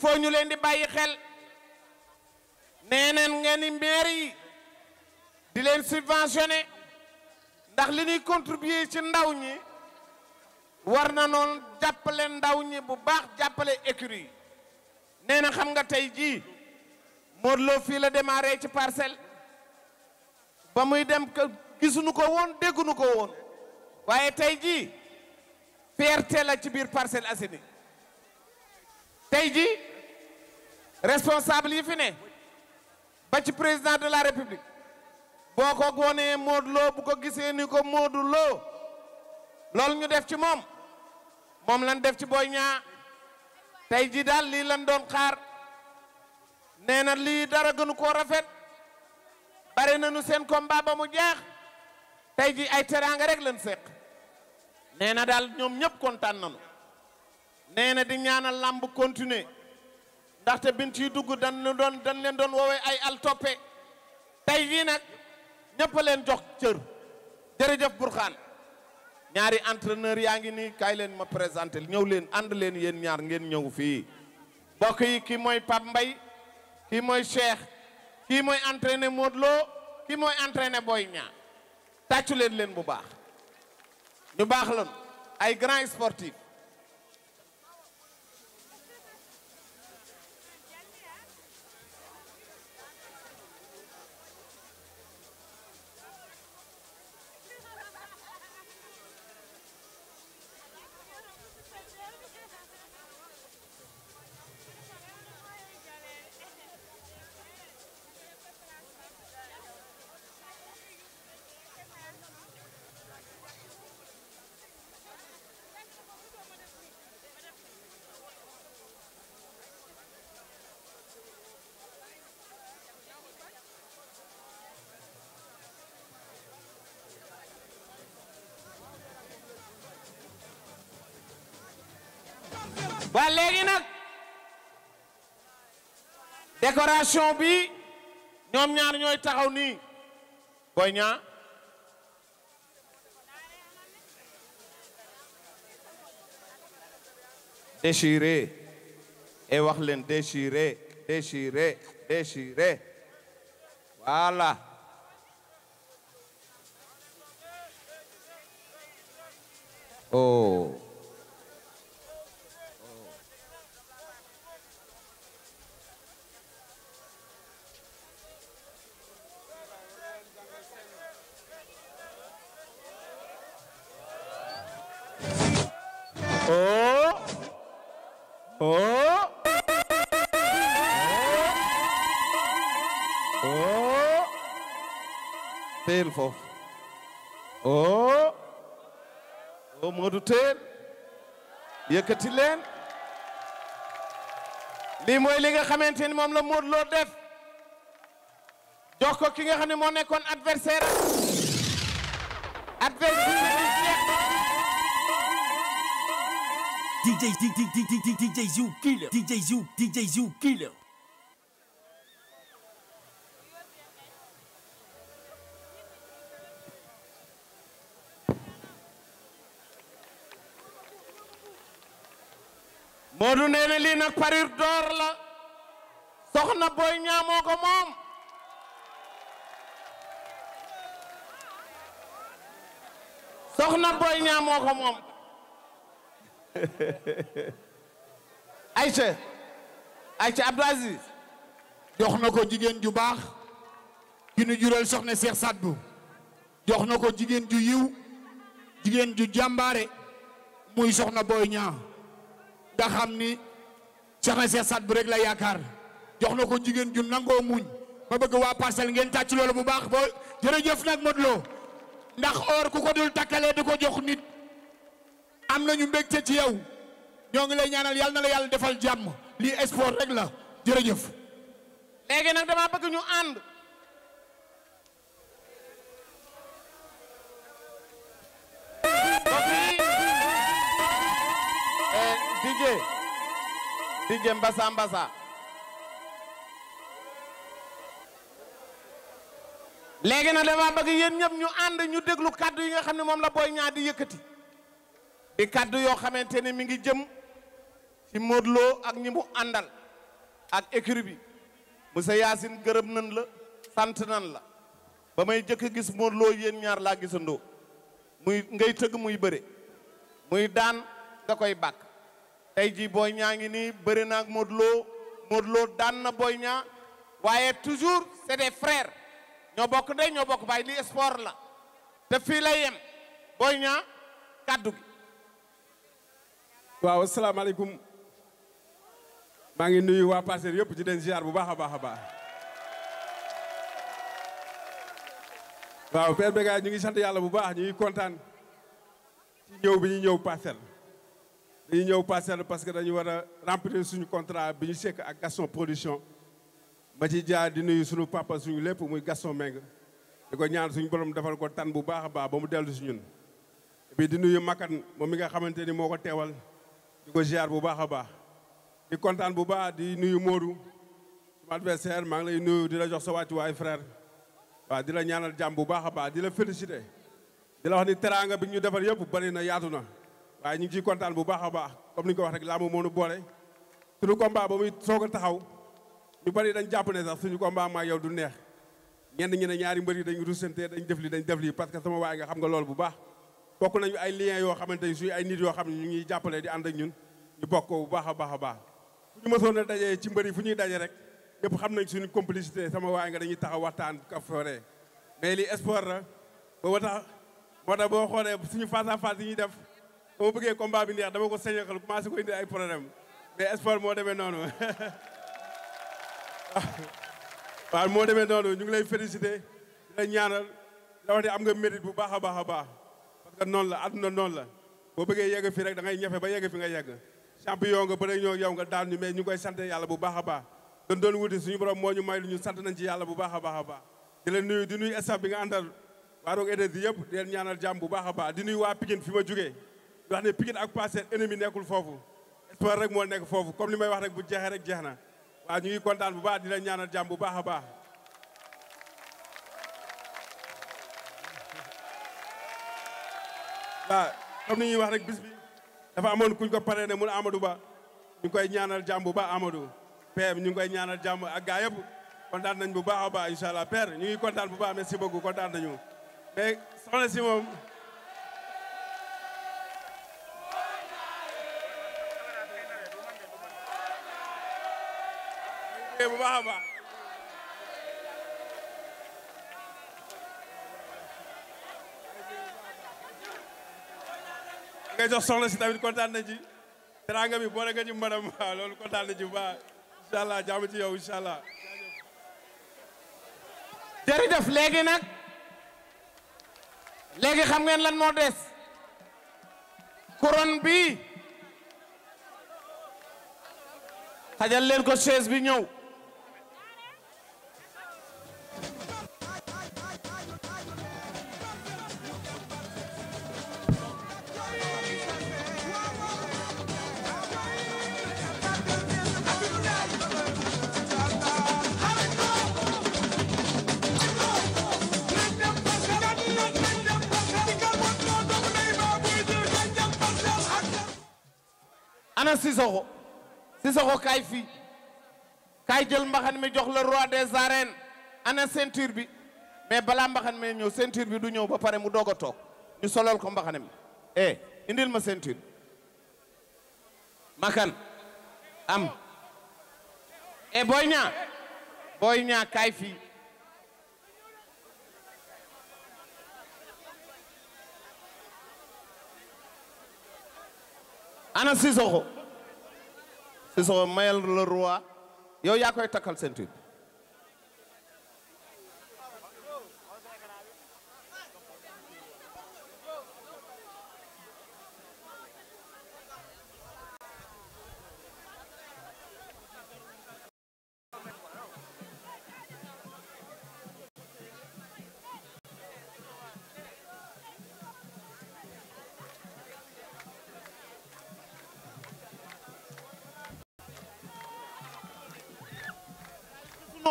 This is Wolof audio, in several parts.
foo ñu leen di bàyyi xel nee nga ni maire yi di leen subventionné ndax li ñuy contribuer ci ndaw ñi war na noonu jàppale ndaw ñi bu baax jàppale écurie yi nee na xam nga tey jii Modou Lo fii la démarré ci parcelle ba muy dem gisuñu ko woon dégguñu ko woon waaye tey jii PRT la ci biir Parcelles Assainies tey ji responsable yi fi ne ba ci président de la république boo ko goonee Modou Lo bu ko gisee ni ko Modou Lo loolu ñu def ci moom moom lan def ci Boy Niang tey ji daal lii lan doon xaar nee na lii dara gënu koo rafet bare nañu seen combat ba mu jeex tey ji ay teraanga rek lan seq nee na daal ñoom ñëpp kontaan nanu nee na di ñaanal làmb continuer ndaxte bint yi dugg dañ leen doon dañ leen doon woowee ay al toppe tey jii nag ñëpp leen jox cër jërëjëf Burxaan ñaari entraîneur yaa ngi nii kaay leen ma présenté ñëw leen ànd leen yéen ñaar ngeen ñëw fii mbokk yi kii mooy Pape mbay kii mooy Cheikh kii mooy entraîné Modou Lo kii mooy entraîné Boy ñaar tàccu leen leen bu baax ñu baax lan ay grand sportif waa léegi nag décoration bi ñoom ñaar ñooy taxaw nii Boy Niang déchiré et wax leen déchiré déchiré déchiré voilà oh oh oh oh teel foofu oh oh Modou leen lii mooy li nga xamante ni moom la Modou def jox ko ki nga xam ne moo nekkoon adversaire adversaire DJ DJ nee na lii nag parir door la soxna Boy Niang moom soxna Boy Niang moom ay Aïcha Abdou Aziz jox na ko jigéen ju baax ju nu jural soxna Cheikh Sadbou jox na ko jigéen ju yiw jigéen ju jàmbaare muy soxna booy ñaa nga xam ni soxna Cheikh Sadbou rek la yaakaar jox na ko jigéen ju nangoo muñ ma bëgg waa parcelle ngeen tàcc loolu bu baax boo jërëjëf nag Modou Lo ndax or ku ko dul takkalee di ko jox nit am nañu mbégte ci yow ñoo ngi lay ñaanal yàlla na la yàlla defal jàmm lii sport rek la jërëjëf. léegi nag dama bëgg ñu ànd. Digé eh, Digé Mbassa Mbassa. léegi nag dama bëgg yéen ñëpp ñu ànd ñu déglu kàddu yi nga xam ne moom la booy ñaar di yëkkati. di kàddu yoo xamante ne mi ngi jëm ci Modou ak ñi mu àndal ak écurie bi monsieur Yacine gërëm nan la sant nan la ba may jëkk gis Modou Lo yéen ñaar laa gisandoo muy ngay tëgg muy bëre muy daan nga koy bakk tey jii booy ñaa ngi nii bëri na ak Modou Lo daan na booy Niang waaye toujours c'est des frères ñoo bokk ndey ñoo bokk baay li sport la te fii lay yem Boy Niang kaddu gi waaw asalaamaaleykum maa ngi nuyu waa Passer yëpp di den ziar bu baax a baax a baax waaw Père Bécaye ñu ngi sant yàlla bu baax ñu kontaan ci ñëw bi ñu ñëw Passer dañu ñëw Passer parce que dañu war a remplir suñu contrat bi ñu sekk ak Gaston Production ma ci jaar di nuyu suñu papa suñu lépp muy Gaston Meng di ko ñaan suñu borom defal ko tan bu baax a baax ba mu dellu si ñun bi di nuyu Makan moom mi nga xamante ni moo ko teewal di ko bu baax a baax di kontaan bu baax di nuyu Modou sama adversaire maa ngi lay nuyu di la jox sa wàccuwaay frère waaw di la ñaanal jàmm bu baax a baax di la félicité di la wax ni teraanga bi ñu defar yëpp bari na yaatu na waaye ñu ngi ciy kontaan bu baax a baax comme ni ñu ko wax rek laamu moo nu boole suñu combat ba muy soog a taxaw ñu bari dañ jàpp ne sax suñu combat maa yow du neex ñenn ñi ñaari mbër yi dañ rusantee dañ def dañ def lii nga xam bu baax bokk nañu ay liens yoo xamante ni suñu ay nit yoo xam ne ñu ngi jàppale di ànd ak ñun ñu bokkoo bu baax a baax a baax fu ñu mësoon na dajee ci mbëri fu ñuy daje rek ñëpp xam nañ suñu complicité sama waay nga dañuy taxaw waxtaan kafoore mais lii sport la booba tax moo boo xoolee suñu face à face yi ñuy def dama bëggee combat bi neex dama ko sañaxal commencé ko indi ay problème mais sport moo demee noonu waaw moo demee noonu ñu ngi lay félicité di la la wax ne am nga mérite bu baax a baax a baax ga noonu la àdduna noonu la boo bëggee yegg fi rek da ngay ñafe ba yegg fi nga yegg champion nga bëre ñoo yow nga daal ñu mais ñu koy sant yàlla bu baax a baax doon doon wuti suñu moo ñu may lu ñu sant na ci yàlla bu baax a baax a baax di leen nuyu di nuyu staff bi nga àndal waa Rock Énergie yëpp di leen ñaanal jàmm bu baax a baax di nuyu waa Pikine fi ma jógee di wax ne Pikine ak passé ennemi nekkul foofu espoir rek moo nekk foofu comme ni may wax rek bu jeexee rek jeex na waaw ñu ngi kontaan bu baax di ñaanal jàmm bu baax a waaw comme ni ñuy wax rek bis bi dafa amoon kuñ ko paree ne mun Amadou Ba ñu koy ñaanal jàmm bu baax Amadou père ñu ngi koy ñaanal jàmm ak gaa yëpp kontaan nañ bu baax a baax incha allah père ñu ngi kontaan bu baax merci beaucoup kontaan nañu mais soxna si moom bu nga jox soxna si tamit kontaan na ci teraanga bi boole nga ci madam waaw loolu kontaan na ji ba incha allah jàmm ci yow incha allah jërëjëf léegi nag léegi xam ngeen lan moo des couronne bi xajal leen ko chaise bi ñëw ana Sissoko Sissoko kaay fii kaay jël mbaxane mi jox la roi des arènes ana ceinture bi mais balaa mbaxan mi ñëw ceinture bi du ñëw ba pare mu doog a toog ñu solol ko mbaxan mi eh indil ma ceinture makan am e Boy Niang Boy Niang kaay fii ana Cissokho mayal le roi yow yaa koy takkal ceinture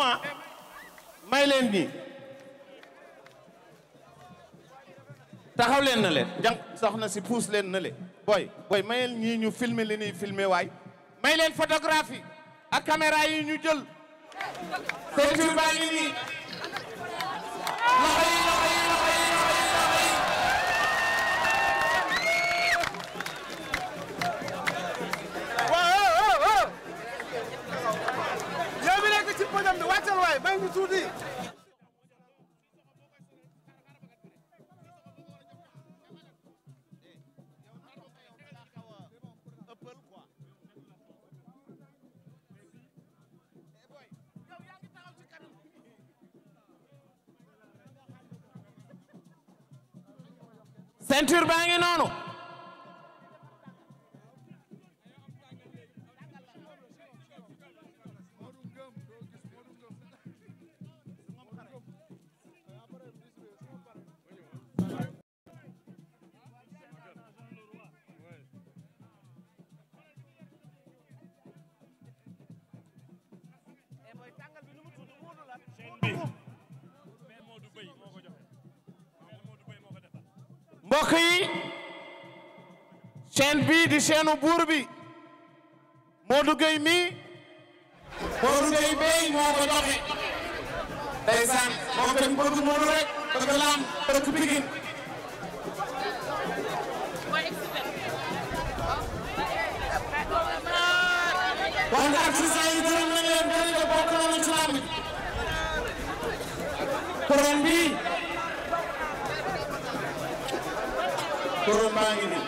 ah may leen nii leen na leen jàng soxna si puus leen na le booy booy mayel ñii ñu filmer leen ñuy filmer waay may leen photographie ak caméra yi ñu jël ceinture baa ngi nii may ñu tuuti ceinture noonu mbokk yi chaîne bii di chaîne buur bi Modou Gueye mi Modou Gueye Mbaye moo ko joxe ndeysaan moom dañ bëgg Modou rek bëgg laam bëgg Pikine maa ngi nii